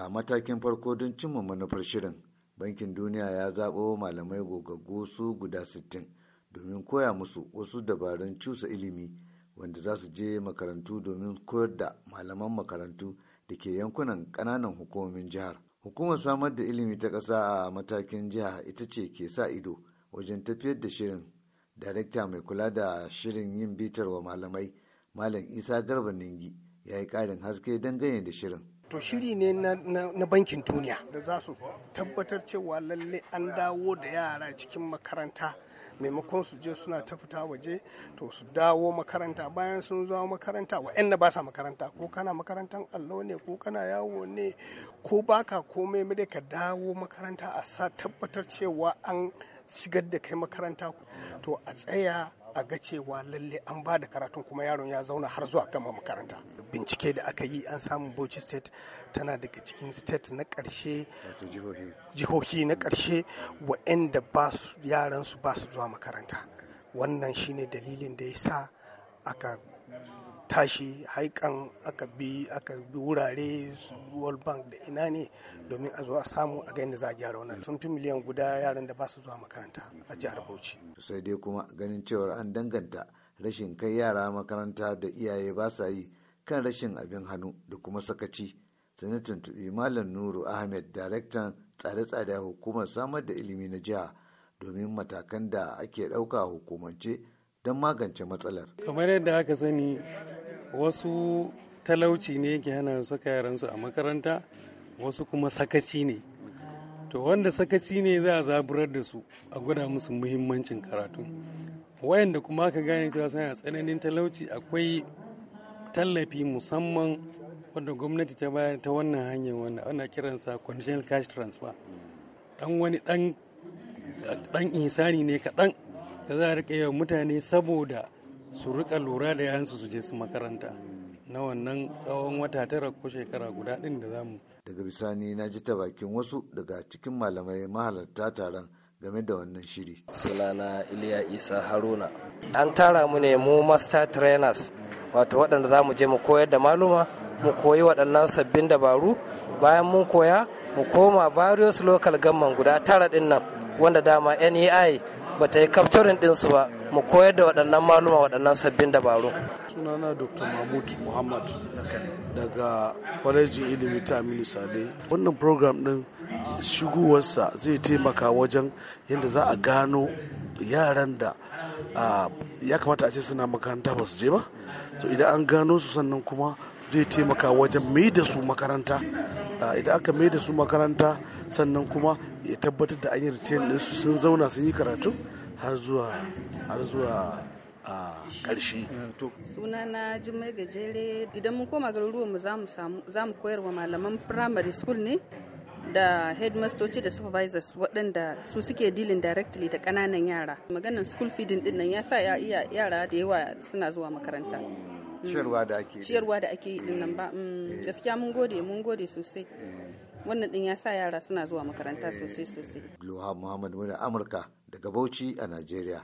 a matakin farko don cimma manufar shirin bankin duniya ya zaɓo malamai gogaggo su guda 60 domin koya musu wasu dabarun cusa ilimi wanda za su je makarantu domin koyar da malaman makarantu da ke yankunan ƙananan hukumomin jihar hukumar samar da ilimi ta ƙasa a matakin jiha ita ce ke sa ido wajen tafiyar da shirin darekta mai kula da shirin yin bitar wa malamai malam isa garba ningi ya yi ƙarin haske dangane da shirin to shiri ne na bankin duniya da za su tabbatar cewa lalle an dawo da yara cikin makaranta maimakon su je suna ta fita waje to su dawo makaranta bayan sun zama makaranta wa'yan ba sa makaranta ko kana makarantar allo ne ko kana yawo ne ko baka komai mai ka dawo makaranta a sa tabbatar cewa an shigar da kai makaranta to a tsaya a ga cewa lalle an ba da karatun kuma yaron ya zauna har zuwa gama makaranta bincike da aka yi an samu bauchi state tana daga cikin state na karshe jihohi na karshe waɗanda yaran su ba su zuwa makaranta wannan shine dalilin da ya sa aka tashi haikan aka bi aka bi wurare world bank da ina ne domin a zo a samu a ga yadda za a gyara wannan sun fi miliyan guda yaran da ba su zuwa makaranta a jihar bauchi sai dai kuma ganin cewar an danganta rashin kai yara makaranta da iyaye ba sa yi kan rashin abin hannu da kuma sakaci sanin tuntuɓi malam nuru ahmed daraktan tsare-tsare hukumar samar da ilimi na jiha domin matakan da ake ɗauka hukumance don magance matsalar. Kamar yadda aka sani wasu talauci ne ke hana su saka yaransu a makaranta wasu kuma sakaci ne. To wanda sakaci ne za a zaburar da su a gwada musu muhimmancin karatu. Wayanda kuma aka gane cewa suna tsananin talauci akwai tallafi musamman wanda gwamnati ta bayar ta wannan hanyar wanda ana kiransa conditional cash transfer. Dan wani dan dan insani ne kaɗan ta za a rika yawan mutane saboda su rika lura da yayansu su je su makaranta na wannan tsawon wata tara ko shekara guda ɗin da zamu. Daga bisani na ji ta bakin wasu daga cikin malamai mahalarta taron game da wannan shiri. Sunana Iliya Isa Haruna. An tara mu ne mu master trainers wato waɗanda za mu je mu koyar da maluma mu koyi waɗannan sabbin dabaru bayan mun koya mu koma various local gamman guda tara ɗin nan wanda dama NEI ba ta yi kaftarin ɗinsu ba mu koyar da waɗannan maluma waɗannan sabbin dabaru. sunana dr mahmud muhammad daga kwalejin ilimi ta aminu sade wannan program ɗin shigowarsa zai taimaka wajen yadda za a gano yaran da ya kamata a ce suna makaranta ba su je ba so idan an gano su sannan kuma zai taimaka wajen mai da su makaranta idan aka mai da su makaranta sannan kuma ya tabbatar da an yi din su sun zauna sun yi karatu har zuwa har zuwa a Suna na Jummai Gajere idan mun koma garuruwan mu za mu koyar wa malaman primary school ne da headmastoci da supervisors waɗanda su suke dealing directly da ƙananan yara. Maganan school feeding ɗin nan ya sa yara da yawa suna zuwa makaranta. ciyarwa da ake ciyarwa da ake yi dinnan ba eh. Mm, eh. gaskiya mun gode mun gode sosai eh. wannan din ya sa yara suna zuwa makaranta sosai sosai Luha Muhammad muna Amurka daga Bauchi a Najeriya